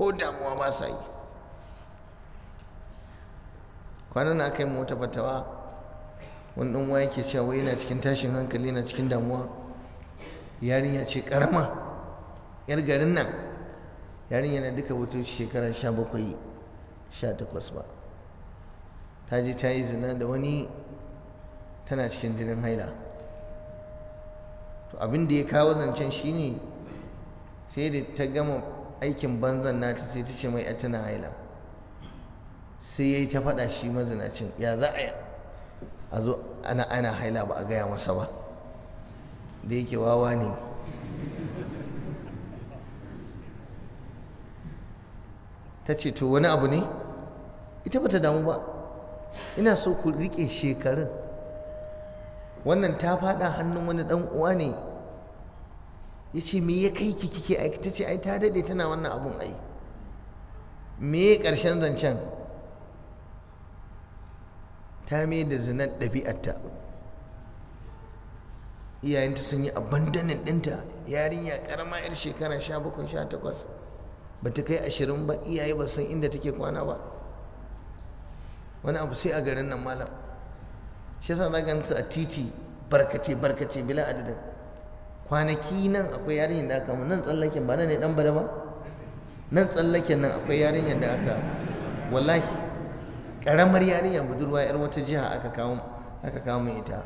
ko damuwa ba sa yi kwanan na kai mota fatawa wani ɗan waya ke cewa yana cikin tashin hankali yana cikin damuwa yarinya ce karama yar garin nan yarinya na duka wuce shekara sha bakwai sha takwas ba ta je ta yi zina da wani tana cikin jinin haila to abin da ya kawo zancen shine sai da ta gama aikin banzan ta sai ta ce mai ya tana haila sai ya yi ta faɗa shi mazinacin ya za a zo ana ana haila ba a gaya masa ba da yake wawa ne ta ce to wani abu ne ita bata damu ba ina so ku rike shekarun wannan ta faɗa hannun wani dan uwa ne ya ce me ya kai ki kike aiki ta ce ai ta daɗe tana wannan abun ai me ƙarshen zancen ta mai da zinar ɗabi'arta iyayenta sun yi abandonin ɗinta yarinya ƙarama 'yar shekara sha bakwai sha takwas ba ta kai ashirin ba iyaye ba san inda take kwana ba wani abu sai a garin nan malam shi yasa za a titi barkace barkace bila adadin kwanaki nan akwai yarinyar da aka nan tsallaken ba nan ne dan bada ba nan tsallaken nan akwai yarinyar da aka wallahi karamar yarinya budurwa yar wata jiha aka kawo aka kawo ita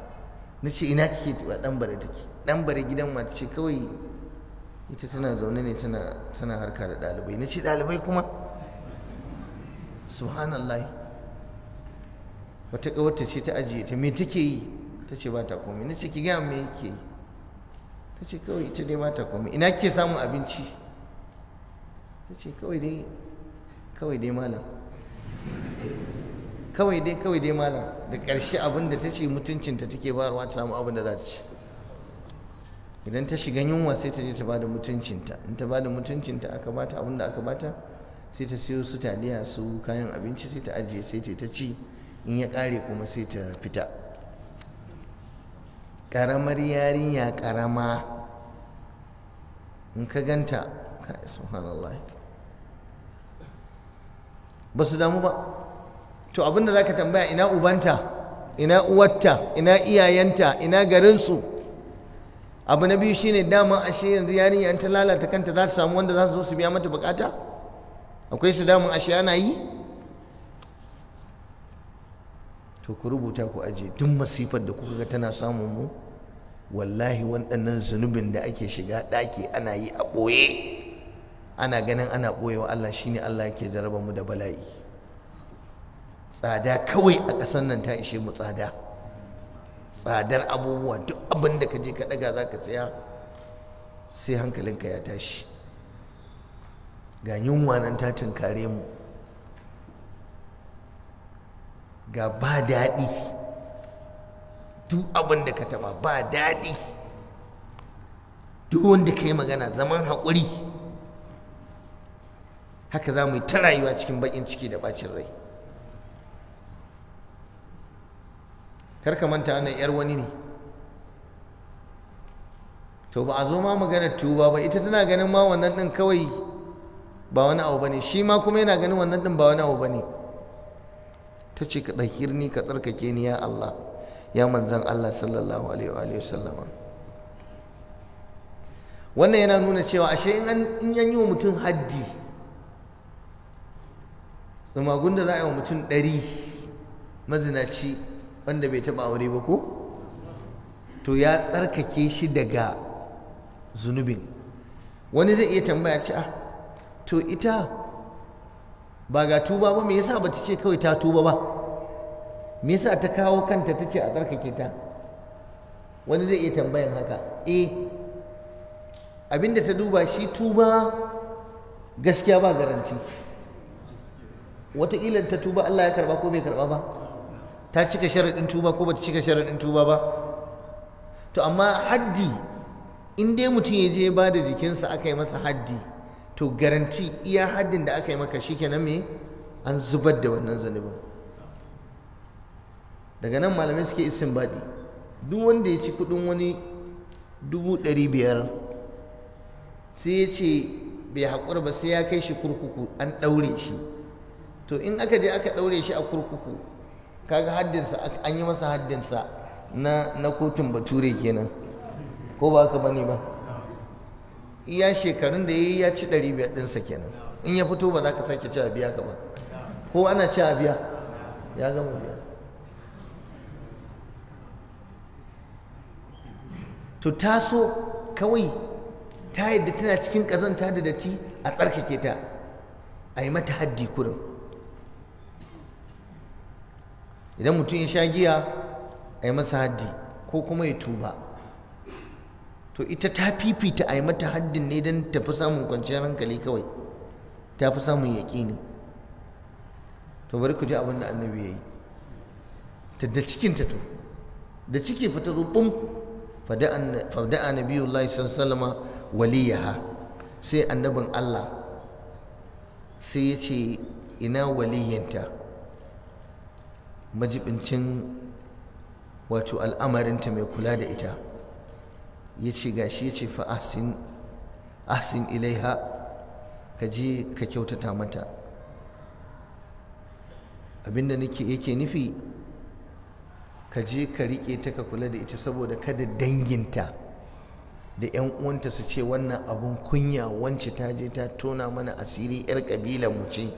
na ce ina kike a dan bare take dan bare gidan mata ce kawai ita tana zaune ne tana tana harka da dalibai na ce dalibai kuma subhanallah wata kawarta ce ta ajiye ta me take yi ta ce ba ta komai na ce ki ga me yake yi ta ce kawai ita dai bata komai ina ke samun abinci ta ce kawai dai kawai dai malam kawai dai kawai dai malam da ƙarshe abin da ta ce mutuncinta take bayarwa ta samu abin da za ta ci idan ta shiga yunwa sai ta je ta bada mutuncinta in ta bada mutuncinta aka bata abin da aka bata sai ta siyo su taliya su kayan abinci sai ta ajiye sai ta ta ci in ya ƙare kuma sai ta fita ƙaramar yarinya ƙarama in ka ganta kai subhanallah ba su damu ba to abinda za ka tambaya ina ubanta ina uwarta ina iyayenta ina garinsu abu na biyu shine dama ashe yanzu yarinya ta lalata kanta za ta samu wanda za su zo su biya mata bukata akwai su damun ashe ana yi to ku rubuta ku aje duk masifar da kuka ga tana samun mu wallahi waɗannan zunubin da ake shiga ɗaki ana yi a ɓoye ana ganin ana ɓoye wa Allah shine Allah yake jaraba mu da bala'i tsada kawai a ƙasar nan ta ishe mu tsada tsadar abubuwa duk abin da ka je ka ɗaga za ka tsaya sai hankalinka ya tashi ga yunwa nan ta tunkare mu ga ba daɗi duk abin da ka taba ba daɗi duk wanda ka yi magana zaman haƙuri haka za mu yi ta rayuwa cikin baƙin ciki da ɓacin rai kar ka manta wannan 'yar wani ne to ba a zo ma maganar tuba ba ita tana ganin ma wannan ɗin kawai ba wani abu ba ne shi ma kuma yana ganin wannan ɗin ba wani abu ba ne ta ce ka ɗakir ni ka tsarkake ni ya Allah ya manzan Allah sallallahu alaihi wa sallama. wannan yana nuna cewa ashe in an yi wa mutum haddi tsumagun da za a yi wa mutum ɗari mazinaci wanda bai taɓa aure ba ko to ya tsarkake shi daga zunubin wani zai iya tambaya cia? Ah, to ita ba ga tuba ba me yasa ba ta ce kawai ta tuba ba me yasa ta kawo kanta ta ce a tsarkake ta wani zai iya tambayan haka e eh, abinda ta duba shi tuba gaskiya ba garanti wataƙila ta tuba Allah ya karba ko bai karba ba ta cika sharaɗin tuba ko bata cika sharaɗin tuba ba to amma haddi in dai mutum ya je ba da jikinsa aka yi masa haddi to garanti iya haddin da aka yi maka shi kenan me an zubar da wannan zanubin daga nan malamai suke baɗi duk wanda ya ci kudin wani dubu ɗari biyar sai ya ce bai haƙura ba sai ya kai shi kurkuku an ɗaure shi to in aka je aka ɗaure shi a kurkuku kaga haddinsa an yi masa haddinsa na, na kotun bature kenan ko ba haka bane ba iya shekarun da ya yi ya ci ɗari biyar ɗinsa kenan in ya fito ba za ka sake ci a biya ka ba ko ana ci a biya ya gama biya to taso kawai ta yadda tana cikin ƙazanta da datti a tsarkake ta a yi mata haddi kurin idan mutum ya sha giya a yi masa haddi ko kuma ya tuba to ita ta fifita a yi mata haddin ne don tafi samun kwanciyar hankali kawai ta fi samun ne to bari ku ji abin da annabi ya yi ta da cikin ta to da ciki fa ta zo fada'a nabiyullahi sallallahu waliyaha sai annabin Allah sai ya ce ina waliyinta majibincin wato al'amarinta mai kula da ita ya ce gashi ya ce fa ahsin ilaiha ka je ka kyautata mata abinda nake yake nufi ka je ka riƙe ta ka kula da ita saboda kada danginta da 'yan uwanta su ce wannan abun kunya wance ta je ta tona mana asiri 'yar ƙabila mu ce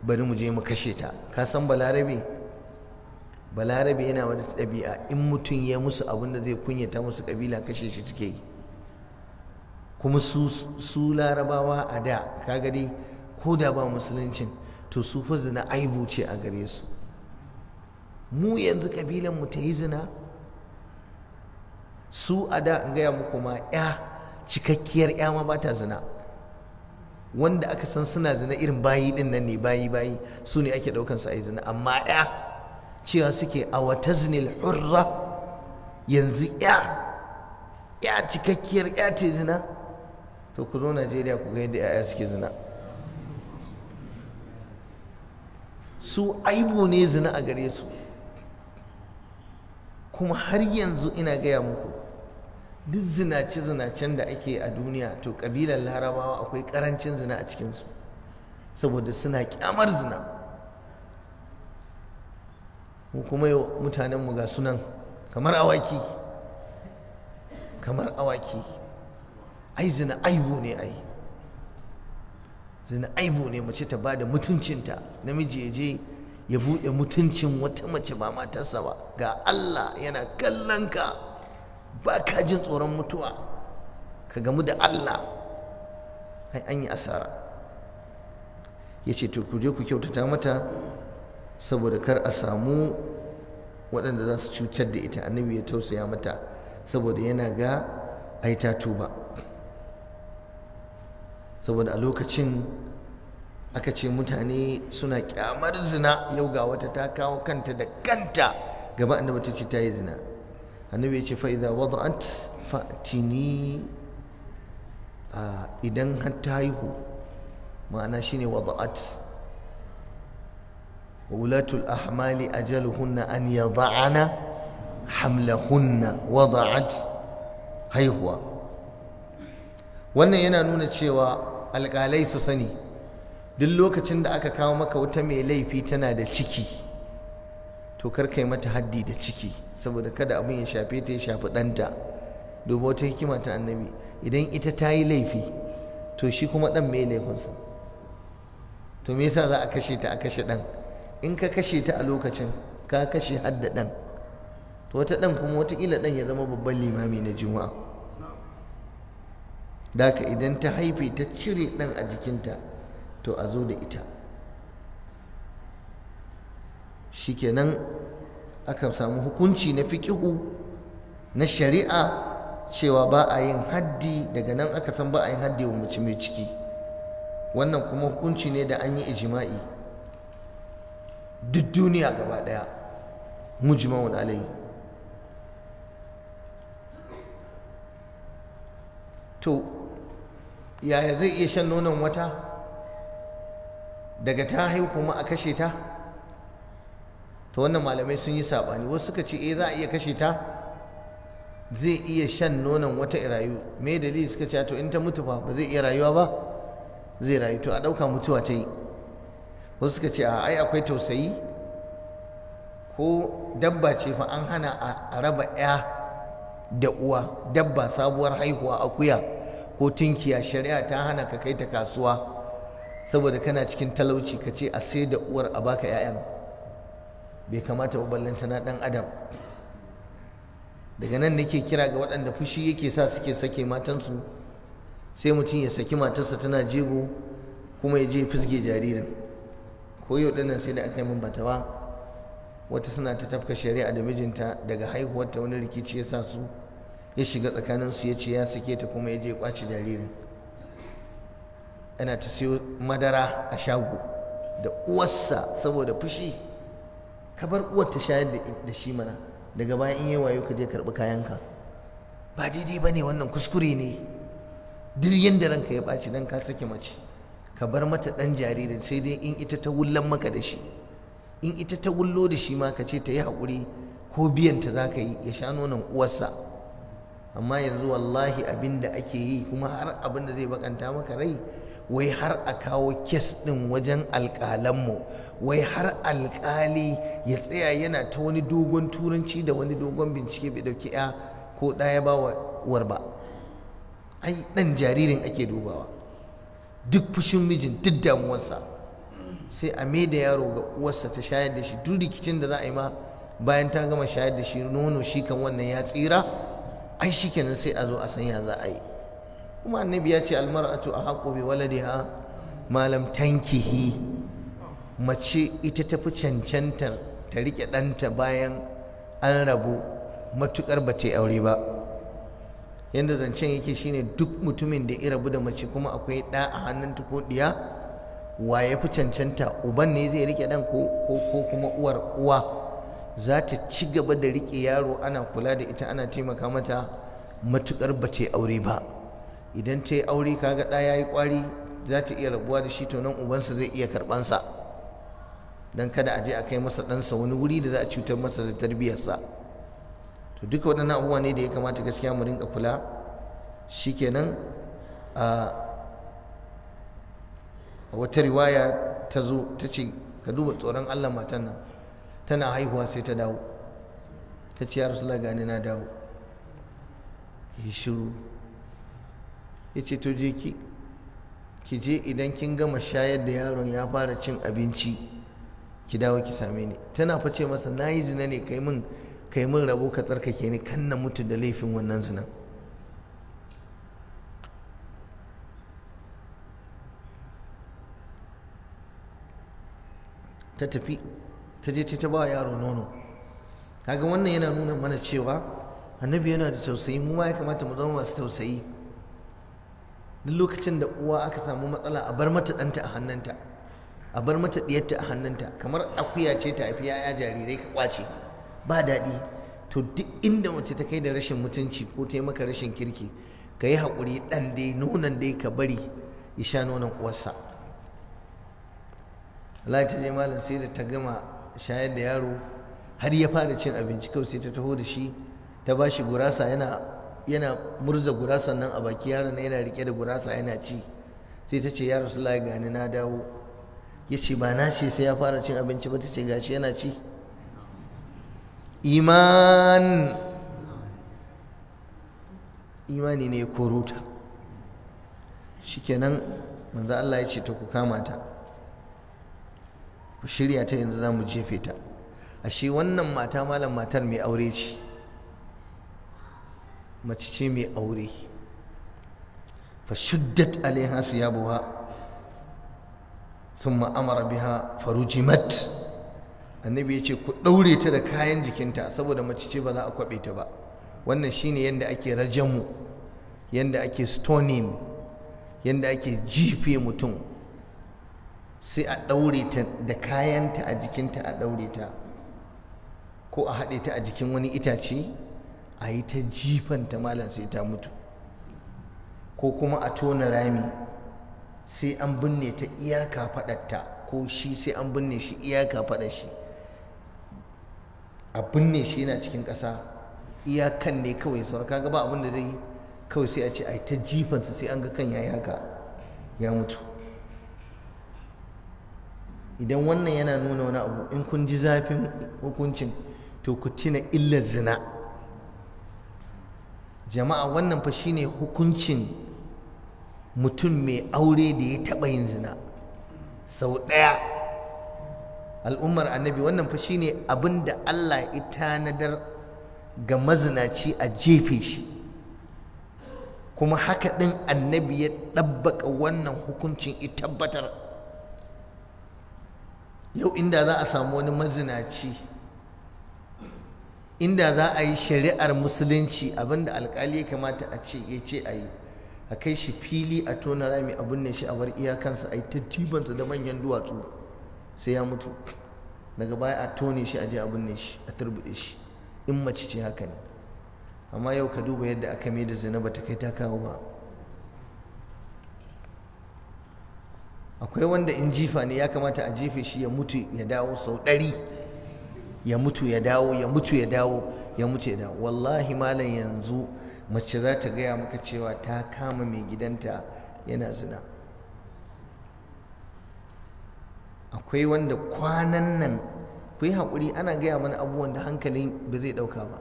bari mu je mu kashe ta ka san balarabe balarabe yana wani ɗabi'a in mutum ya musu abun da zai kunyata musu ƙabila kashe shi suke yi kuma su, su larabawa a da ka gani ko da ba musuluncin to su fa zina aibu ce a gare su mu yanzu kabilan mu ta yi zina su a da in gaya muku ma ya cikakkiyar ya ma ba ta zina wanda aka san suna zina irin bayi din nan ne bayi bayi su ne ake daukan su a yi zina amma ya cewa suke a wata zinil hurra yanzu ya ya cikakkiyar ya ce zina to ku zo najeriya ku ga yadda 'ya'ya suke zina su aibu ne zina a gare su kuma har yanzu ina gaya muku duk zinace-zinacen da ake a duniya to ƙabilar larabawa akwai ƙarancin zina a cikinsu saboda suna ƙyamar zina mu kuma yau mutanenmu ga sunan kamar awaki kamar awaki ai zina aibu ne ai zina aibu ne mace ta ba da mutuncinta namiji ya je ya buɗe mutuncin wata mace ba matarsa ba ga Allah yana kallon ka ba ka jin tsoron mutuwa ka gamu da Allah ai an yi asara ya ce to ku je ku kyautata mata saboda kar a samu waɗanda za su cutar da ita annabi ya tausaya mata saboda yana ga ai ta tuba saboda a lokacin aka ce mutane suna kyamar zina yau ga wata ta kawo kanta da kanta gaba annabi ta ce ta yi zina annabi ya ce fa idza wada'at fatini ah, idan har ta haihu ma'ana shine wada'at wa ulatul ahmali ajaluhunna an yada'ana hamlahunna wada'at haihuwa wannan yana nuna cewa alƙalai su sani duk lokacin da aka kawo maka wata mai laifi tana da ciki to kar kai mata haddi da ciki saboda kada abin ya shafe ta ya shafi ɗanta domin wata hikima ta annabi idan ita ta yi laifi to shi kuma ɗan mai laifinsa to me yasa za a kashe ta a kashe ɗan in ka kashe ta a lokacin ka kashe hadda ɗan to wata ɗan kuma watakila ɗan ya zama babban limami na juma'a da idan ta haife ta cire ɗan a jikinta to a zo da ita shi shikenan aka samu hukunci na fiƙihu na shari'a cewa ba a yin haddi daga nan aka san ba a yin haddi wa mace mai ciki wannan kuma hukunci ne da an yi ijima'i duk duniya gaba ɗaya mujma'un alai to yaya zai iya shan nonon wata daga ta haihu kuma a kashe ta to wannan malamai sun yi saɓani wasu suka ce eh za a iya kashe ta zai iya shan nonon wata irayu me dalili suka ce ah, to in ta mutu fa ba zai iya rayuwa ba zai rayu to a ɗauka mutuwa ta yi wasu suka ce a ah, ai akwai tausayi ko dabba ce fa an hana a raba 'ya da uwa dabba sabuwar haihuwa akuya ko tinkiya shari'a ta hana ka kai ta kasuwa saboda kana cikin talauci ka ce a sai da uwar a baka 'ya'yan bai kamata ba na dan adam daga nan nake kira ga waɗanda fushi yake sa suke sake matansu sai mutum ya saki matarsa tana jego kuma ya je fisge jaririn ko yau dinnan sai da aka yi min batawa wata suna ta tafka shari'a da mijinta daga haihuwarta wani rikici ya sa su ya shiga tsakaninsu ya ce ya sake ta kuma ya je kwace jaririn yana ta siyo madara a shago da uwarsa saboda fushi ka bar uwar ta shayar da shi mana daga bayan in yi wayo ka je karɓi kayanka ba daidai ba ne wannan kuskure ne duk yadda ranka ya ɓaci dan ka sake mace ka bar mata ɗan jaririn sai dai in ita ta wullan maka da shi in ita ta wullo da shi ma ka ce ta yi haƙuri ko biyanta za ka yi ya sha nonon uwarsa amma yanzu wallahi abin da ake yi kuma har abin da zai bakanta maka rai wai har a kawo kes ɗin wajen alƙalanmu wai har alƙali ya tsaya yana ta wani dogon turanci da wani dogon bincike bai ɗauki ya ko ɗaya ba war ba ai ɗan jaririn ake dubawa duk fushin mijin duk damuwarsa sai a mai da yaro ga uwarsa ta shayar da shi duk rikicin da za a yi ma bayan ta gama shayar da shi nono shi kan wannan ya tsira ai shikenan sai a zo a sanya za a yi kuma annabi ya ce almar'atu a haƙo bi ha malam tankihi mace ita tafi cancantar ta riƙe ɗanta bayan an rabu matuƙar ba ta yi aure ba yadda zancen yake shine duk mutumin da ya rabu da mace kuma akwai ɗa a hannunta ko ɗiya wa ya fi cancanta uban ne zai riƙe ɗan ko kuma uwar uwa za ta ci gaba da riƙe yaro ana kula da ita ana taimaka mata matuƙar ba ta yi aure ba idan ta yi aure kaga ɗa ya yi ƙwari za ta iya rabuwa da shi to nan ubansa zai iya karɓansa don kada a je a kai masa ɗansa wani wuri da za a cutar masa da tarbiyyarsa to duka waɗannan abubuwa ne da ya kamata gaskiya mu rinka kula shi kenan a wata riwaya ta zo ta ce ka duba tsoron Allah matan nan tana haihuwa sai ta dawo ta ce ya rasu gani na dawo ya shiru ya ce to je ki ki je idan kin gama shayar da yaron ya fara cin abinci ki dawo ki same ni tana face masa na yi zina ne kai min kai min rabo ka tsarkake ni kan na mutu da laifin wannan zina ta tafi ta je ta ba yaro nono kaga wannan yana nuna mana cewa annabi yana da tausayi mu ma ya kamata mu zama masu tausayi duk lokacin da uwa aka samu matsala a bar mata ɗanta a hannunta a bar mata ɗiyarta a hannunta kamar akuya ce ta haifi yaya jarirai ka kwace ba daɗi to duk inda mace ta kai da rashin mutunci ko ta yi maka rashin kirki ka yi haƙuri ɗan dai nonon dai ka bari ya sha nonon uwarsa Allah ta je malam sai da ta gama shayar da yaro har ya fara cin abinci kawai sai ta taho da shi ta ba shi gurasa yana yana murza gurasa nan a baki yaron yana rike da gurasa yana ci sai ta ce ya rasulullahi gani na dawo ya ce ba na ce sai ya fara cin abinci ba ta ce gashi yana ci iman imani ne ya koro ta shikenan manzo Allah ya ce to ku kama ta ku shirya ta yanzu za mu jefe ta ashe wannan mata malam matar mai aure ce mace ce mai aure fa shuddat alaiha siyabuha thumma amara biha farujimat annabi ya ce ku ɗaure ta da kayan jikinta saboda mace ce ba za a kwaɓe ta ba wannan shine yadda ake rajamu yadda ake stoning yadda ake jife mutum sai a ɗaure ta da kayanta a jikinta a ɗaure ta ko a haɗe ta a jikin wani itace a yi ta jifanta malam sai ta mutu ko kuma a tona rami sai an binne ta iyaka faɗatta ko shi sai an binne shi iyaka faɗar shi a binne shi yana cikin ƙasa iyakan ne kawai sauran kaga ba abin da zai yi kawai sai a ce a yi ta jifansa sai an ga kan ya yaka ya mutu idan wannan yana nuna wani abu in kun ji zafin hukuncin to ku tina illar zina jama'a wannan fa shine hukuncin mutum mai aure da ya taba yin zina sau ɗaya al'ummar annabi wannan fa shine abin da Allah ya tanadar ga mazinaci a jefe shi kuma haka ɗin annabi ya ɗabbaka wannan hukuncin ya tabbatar yau inda za a samu wani mazinaci inda za a yi shari'ar musulunci abinda alkali ya kamata a ce ya ce a yi a kai shi fili a tona rami abin da shi a bar iyakansa a yi tattibansa da manyan duwatsu sai ya mutu daga baya a tone shi a je abin da shi a turbuɗe shi in mace ce haka ne amma yau ka duba yadda aka mai da zina ba ta kai ta kawo ba akwai wanda in jifa ne ya kamata a jefe shi ya mutu ya dawo sau ɗari ya mutu ya dawo ya mutu ya dawo ya mutu ya dawo wallahi malam yanzu mace za ta gaya maka cewa ta kama mai gidanta yana zina akwai wanda kwanan nan ku yi haƙuri ana gaya mana abubuwan da hankalin ba zai ɗauka ba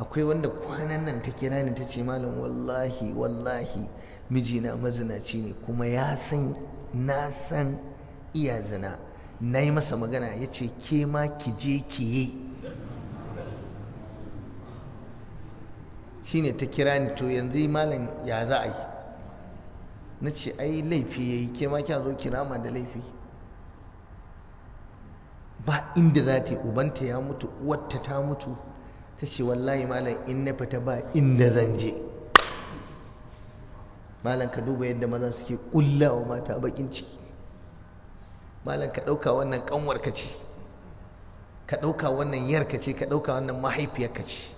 akwai wanda kwanan nan ta kira ni ta ce malam wallahi wallahi mijina mazinaci ne kuma ya san na san iya zina na yi masa magana ya ce ke ma ki je ki yi shine ta kira ni to yanzu malam ya za a yi na ce ai laifi ya yi ke ma kya zo kira ma da laifi ba inda za ta yi ubanta ya mutu uwarta ta mutu ta ce wallahi malam in na fita ba inda zan je malam ka duba yadda maza suke kulla wa mata bakin ciki malam ka ɗauka wannan ƙanwar ka ce ka ɗauka wannan yarka ce ka ɗauka wannan mahaifiyarka ce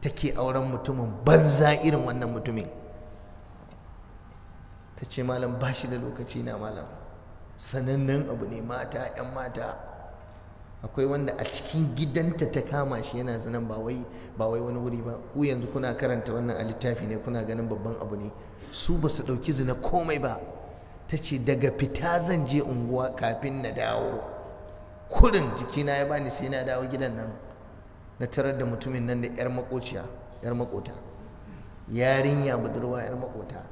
take auren mutumin banza irin wannan mutumin ta ce malam ba shi da lokaci na malam sanannen abu ne mata 'yan mata akwai wanda a cikin gidanta ta kama shi yana zanen ba wai wani wuri ba ku yanzu kuna karanta wannan a littafi ne kuna ganin babban abu ne su ba su ɗauki zina komai ba ta ce daga fita zan je unguwa kafin na dawo kurin jikina ya bani sai na dawo gidan nan na tarar da mutumin nan da 'yar makociya 'yar makota yarinya budurwa 'yar makota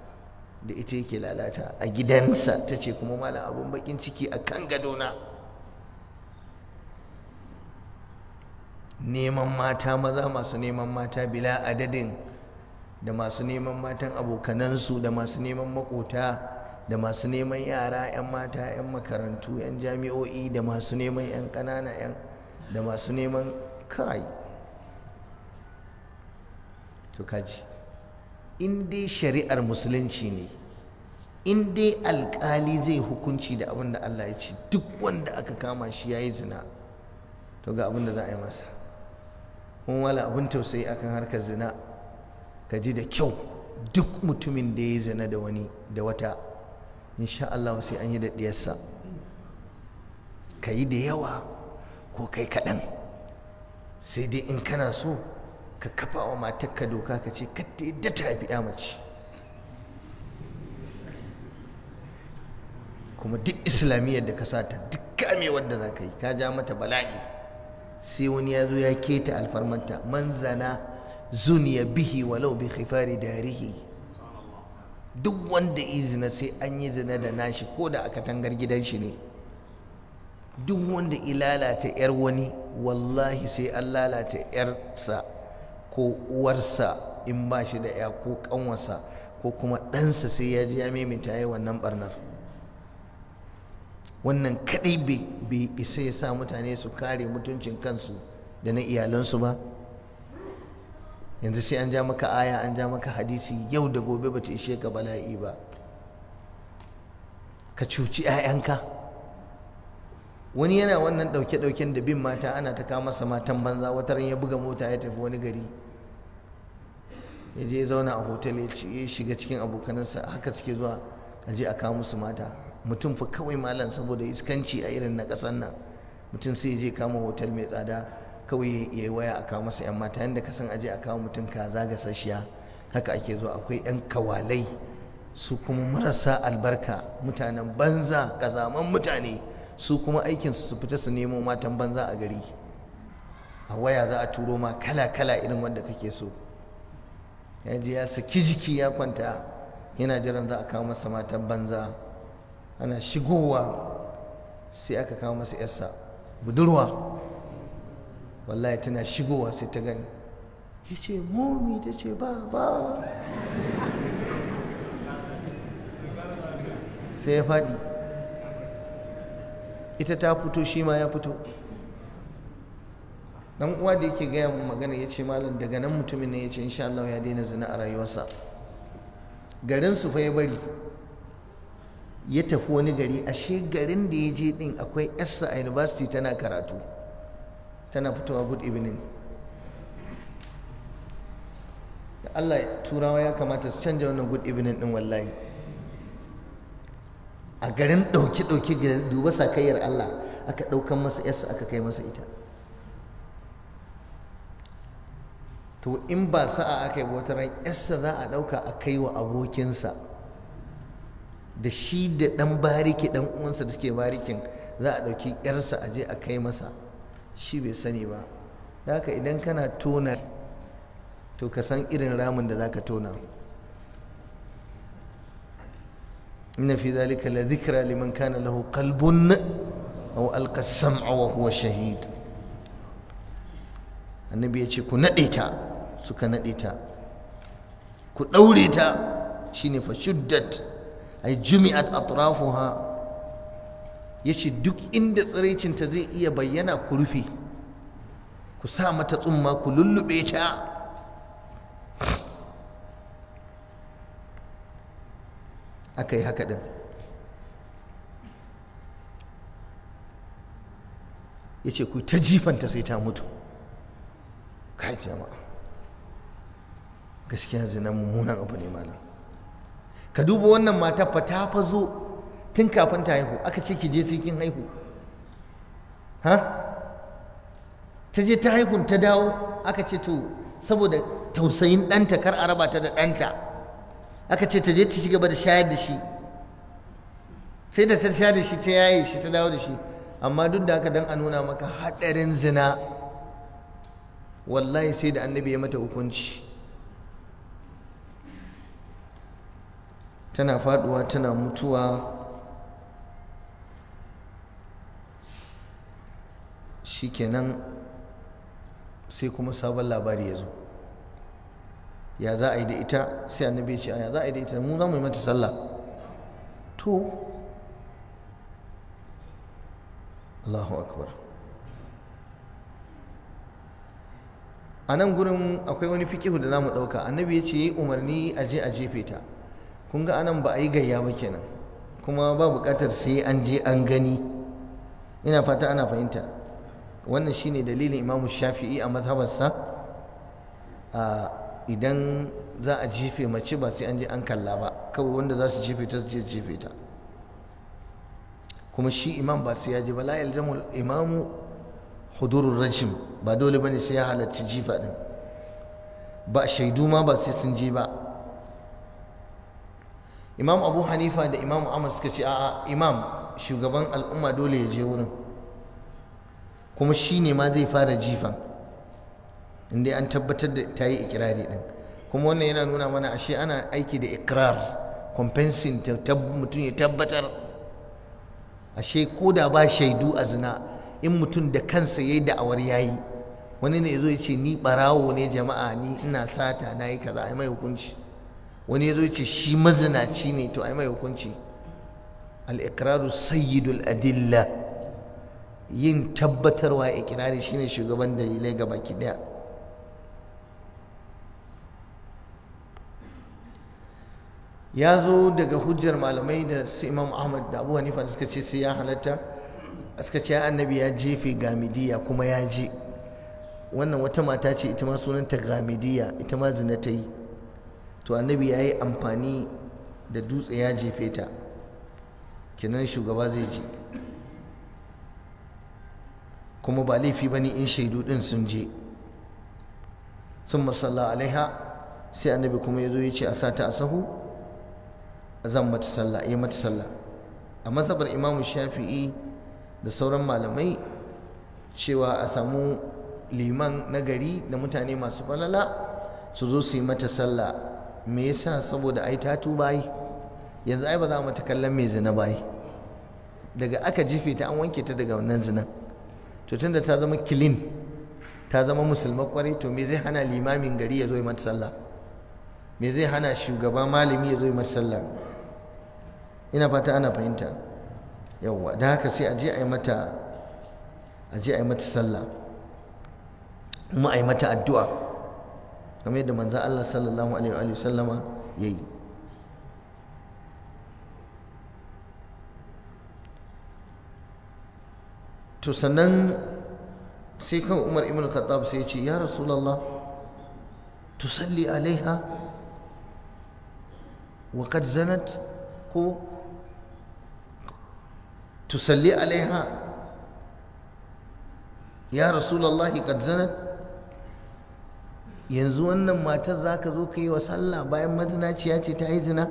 da ita yake lalata a gidansa ta ce kuma malam abun bakin ciki a kan gadona neman mata maza masu neman mata bila adadin da masu neman matan abokanansu da masu neman makota da masu neman yara 'yan mata 'yan makarantu 'yan jami'o'i da masu neman 'yan ƙanana 'yan da masu neman kai to kaji in dai shari'ar musulunci ne in dai alkali zai hukunci da abin da Allah ya ce duk wanda aka kama shi ya yi zina to ga abin da za a yi masa kuma wala abin tausayi akan harkar zina ka ji da kyau duk mutumin da ya zina da wani da wata insha Allah sai an yi da diyarsa ka yi da yawa ko kai kaɗan sai dai in kana so ka kafa wa matarka doka ka ce katta yadda ta haifi ya mace kuma duk islamiyyar da ka sata duk kamewar da za ka yi ka ja mata bala'i sai wani ya zo ya keta alfarmanta manzana zuniya bihi walau bi khifari darihi duk wanda izina sai an yi zina da nashi ko da a katangar gidan shi ne duk wanda ilalata yar wani wallahi sai an lalata yarsa ko uwarsa in ba shi da ya ko kanwarsa ko kuma ɗansa sai ya ji ya maimaita ya wannan barnar wannan kaɗai bai isa ya sa mutane su kare mutuncin kansu da na iyalansu ba yanzu sai an ja maka aya an ja maka hadisi yau da gobe ba ta ishe ka bala'i ba ka cuci 'ya'yanka wani yana wannan dauke-dauken da bin mata ana ta kama masa matan banza wata ran ya buga mota ya tafi wani gari yaje ya zauna a hotel ya shiga cikin abokanansa haka suke zuwa a je a kawo musu mata mutum fa kawai malam saboda iskanci a irin na kasan nan mutum sai ya je kama hotel mai tsada kawai ya yi waya a kawo masa 'yan mata yadda ka san aje a kawo mutum kaza gasasshiya haka ake zuwa akwai 'yan kawalai su kuma marasa albarka mutanen banza kazaman mutane su kuma aikinsu su fita su nemo matan banza a gari a waya za a turo ma kala-kala irin wanda kake so ya ji ya saki jiki ya kwanta yana jiran za a kawo masa matan banza ana shigowa sai aka kawo masa 'yarsa budurwa wallahi tana shigowa sai ta gani ya ce momi ta ce ba ba sai ya faɗi ita ta fito shi ma ya fito dan uwa da yake gaya mu magana ya ce malam daga nan mutumin ne ya ce insha Allah ya daina zina a rayuwarsa garin su fa ya bari ya tafi wani gari ashe garin da ya je din akwai yarsa a university tana karatu tana fitowa good evening Allah turawa ya kamata su canja wannan good evening din wallahi a garin ɗauki-ɗauki gida duba sakayyar Allah aka ɗaukan masa yasa aka kai masa ita to in ba sa'a aka yi wata ran yasa za a ɗauka a kai wa abokinsa da shi da ɗan bariki ɗan uwansa da suke barikin za a ɗauki yarsa a je a kai masa shi bai sani ba haka idan kana tona to ka san irin ramin da zaka tona inna fi zalika la dhikra liman kana lahu qalbun aw alqa sam'a wa huwa shahid annabi ya ce ku nade ta suka nade ta ku daure ta shine fa shuddat ay jumi'at atrafuha ya ce duk inda tsiraicinta zai iya bayyana ku rufe ku sa mata tsumma ku lullube ta aka yi haka ɗin ya ce ku ta jifanta sai ta mutu kai jama'a gaskiya zina mummunan abu ne malam ka duba wannan mata fa ta fa zo tun kafin ta haihu aka ce ki je sai kin haihu ha ta je ta haihun ta dawo aka ce to saboda tausayin ɗanta kar a raba ta da ɗanta aka ce ta je ta shiga ba da shayar da shi sai da ta shayar da shi ta yaye shi ta dawo da shi amma duk da haka dan a nuna maka haɗarin zina wallahi sai da annabi ya mata hukunci tana faduwa tana mutuwa shikenan sai kuma sabon labari ya zo ya za a yi da ita sai annabi ya ce ya za a yi da ita mu za mu yi mata sallah to Allahu akbar a nan gurin akwai wani fikihu da namu ɗauka annabi ya ce umarni a je a jefe ta kun ga anan ba a yi gayya ba kenan kuma ba bukatar sai an je an gani ina fata ana fahimta wannan shine dalilin Imam shafi'i a mazhabarsa idan za a jefe mace ba sai an je an kalla ba kawai wanda za su jefe ta su je jefe ta kuma shi imam ba sai ya je ba la yalzamu imamu hudurur rajim ba dole bane sai ya halarci jifa din ba shaidu ma ba sai sun je ba imam abu hanifa da imam ahmad suka ce a'a imam shugaban al'umma dole ya je wurin kuma shi ne ma zai fara jifan inda an tabbatar da ta yi ikirari ɗin kuma wannan yana nuna mana ashe ana aiki da ikrar compensing mutum ya tabbatar ashe ko da ba shaidu a zina in mutum da kansa ya yi da'awar ya yi wani ne zo ya ce ni barawo ne jama'a ni ina sata na yi kaza a mai hukunci wani ya zo ya ce shi mazinaci ne to a mai hukunci al ikraru sayyidul adilla yin tabbatarwa ikirari shine shugaban dalilai ga baki daya ya zo daga hujjar malamai da su imam ahmad da abu hanifa da suka ce sai ya halatta suka ce annabi ya jefe gamidiya kuma ya je wannan wata mata ce ita ma sunanta gamidiya ita ma zina ta yi to annabi ya yi amfani da dutse ya jefe ta kenan shugaba zai je kuma ba laifi ba bane in shaidu din sun je sun masalla alaiha sai annabi kuma ya zo ya ce a sata a sahu zan mata sallah yi mata sallah a mazhabar imamu shafi'i da sauran malamai cewa a samu liman nagari da mutane masu falala su zo su yi mata sallah me yasa saboda ai ta tuba yi yanzu ai ba za mu ta kallon mai zina ba yi daga aka jife ta an wanke ta daga wannan zinan to tunda ta zama kilin ta zama musulman kwarai to me zai hana limamin gari ya zo mata sallah me zai hana shugaba malami ya zo mata sallah ina fata ana fahimta yawwa da haka sai a je a yi mata aje a yi mata sallah kuma a yi mata addu'a kamar yadda manzo Allah sallallahu alaihi wa sallama yayi to sannan sai kan umar ibn khattab sai ya ce ya rasulallah salli alaiha wa qad zanat ko salli alaiha ya rasulallahi qad zanat yanzu wannan matar zaka zo ka yi wa sallah bayan mazinaciya ce ta yi zina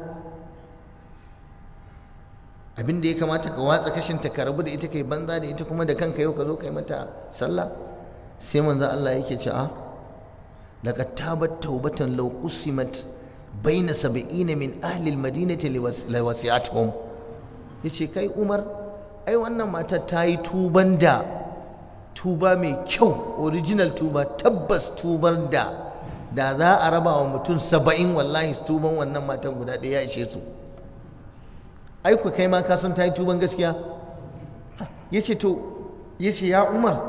abin da ya kamata ka watsa kashin ka rabu da ita kai banza da ita kuma da kanka yau ka zo kai mata sallah sai manzo Allah yake cewa ah, laqad tabat tawbatan law qusimat baina sab'ina min ahli almadinati liwasi'atuhum yace kai Umar ai wannan mata ta yi tuban da tuba mai kyau original tuba tabbas tubar da da za a raba wa mutum saba'in wallahi tuban wannan matan guda ɗaya ya ishe su ai ku kai ma ka san ta yi tuban gaskiya ya ce to ya ce ya umar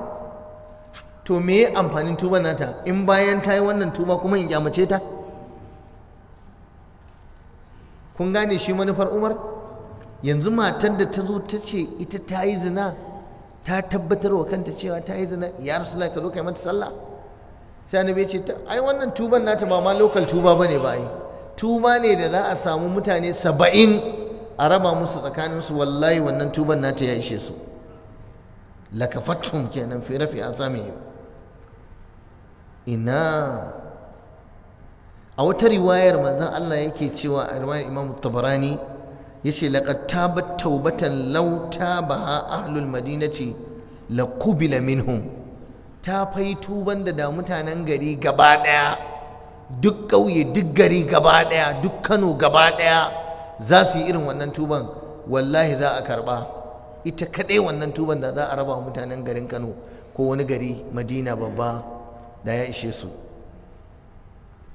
to me ya amfanin tuban nata in bayan ta yi wannan tuba kuma in kyamace ta kun gane shi manufar umar yanzu matar da ta zo ta ce ita ta yi zina ta tabbatar wa kanta cewa ta yi zina ya rasu ka zo kai mata sallah sai annabi ya ce ai wannan tuban nata ba ma lokal tuba bane ba ai tuba ne da za a samu mutane saba'in a raba musu tsakaninsu wallahi wannan tuban nata ya ishe su lakafatum kenan fi rafi asamihim ina a wata riwayar manzon Allah yake cewa a riwayar Imam Tabarani yace laqad tabat taubatan law a ahlul madinaci la qubila minhum ta fai tuban da da mutanen gari gaba daya duk ƙauye duk gari gaba daya duk Kano gaba daya za su yi irin wannan tuban wallahi za a karba ita kaɗai wannan tuban da za a raba mutanen garin kano ko wani gari madina babba da ya ishe su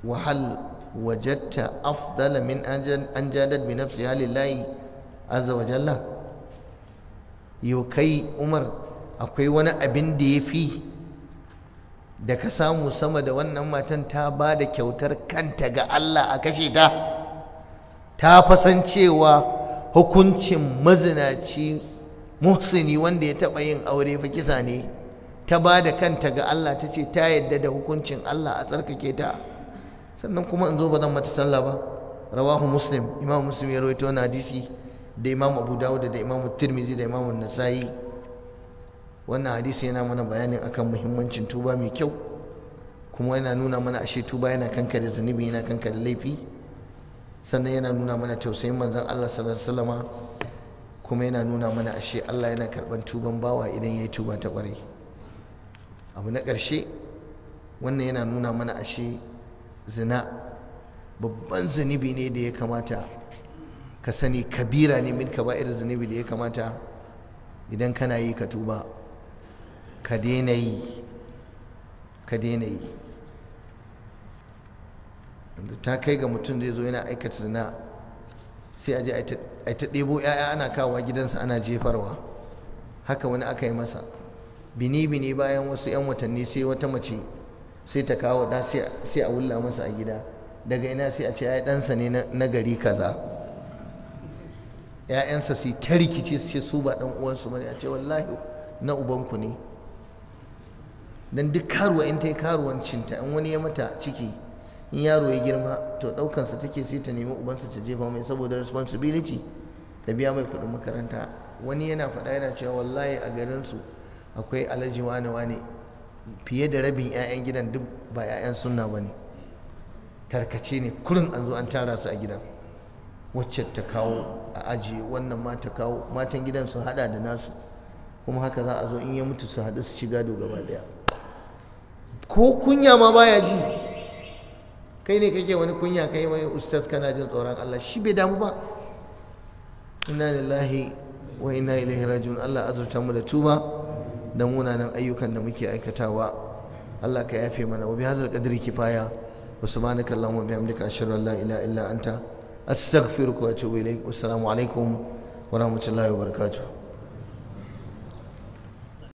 wahal wajatta afdala min an jadad bi nafsiha lillahi azza wa jalla yau kai umar akwai wani abin da ya fi da ka samu sama da wannan matan ta ba da kyautar kanta ga allah a kashe ta ta fasan cewa hukuncin mazinaci muhsini wanda ya taɓa yin aure fa kisa ne ta ba da kanta ga Allah ta ce ta yadda da hukuncin Allah a tsarkake ta sannan kuma in zo ba zan mata sallah ba rawahu muslim imam muslim ya rawaito wani hadisi da imam abu dawud da imam tirmizi da imam nasa'i wannan hadisi yana mana bayanin akan muhimmancin tuba mai kyau kuma yana nuna mana ashe tuba yana kankare zunubi yana kankare laifi sannan yana nuna mana tausayin manzon Allah sallallahu alaihi kuma yana nuna mana ashe Allah yana karban tuban bawa idan ya tuba ta kwarai abu na ƙarshe wannan yana nuna mana ashe zina babban zunubi ne da ya kamata ka sani kabira ne min ka ba'ir zunubi da ya kamata idan kana yi ka tuba ka daina yi ka daina yi yanzu ta kai ga mutum zai zo yana aikata zina sai a je a ta ɗebo 'ya'ya ana a gidansa ana jefarwa haka wani aka yi masa bini bini bayan wasu 'yan watanni sai wata mace sai ta kawo da sai a wulla masa a gida daga ina sai a ce ya ɗansa ne na gari kaza ‘ya'yansa sai ta rikici su ce su ba ɗan uwansu ba ne a ce wallahi na ubanku ne don duk karuwa in ta yi karuwancinta in wani ya mata ciki in yaro ya girma to ɗaukansa take sai ta nemi ubansa ta jefa mai saboda responsibility da biya mai kuɗin makaranta wani yana faɗa yana cewa wallahi a garinsu akwai alaji wane wane fiye da rabin 'ya'yan gidan duk ba 'ya'yan sunna ba ne tarkace ne kurin an zo an tara su a gidan wacce ta kawo a ajiye wannan ma ta kawo matan gidan su hada da nasu kuma haka za a zo in ya mutu su haɗu su ci gado gaba ɗaya. ko kunya ma baya ji kai ne kake wani kunya kai mai ustaz kana jin tsoron Allah shi bai damu ba inna lillahi wa inna ilaihi rajiun Allah azurta mu da tuba da munanan ayyukan da muke aikatawa Allah ka yafe mana wa bi hadzal qadri kifaya wa subhanaka allahumma bihamdika ashhadu an la ilaha illa anta astaghfiruka wa atubu ilaik assalamu alaikum wa rahmatullahi wa barakatuh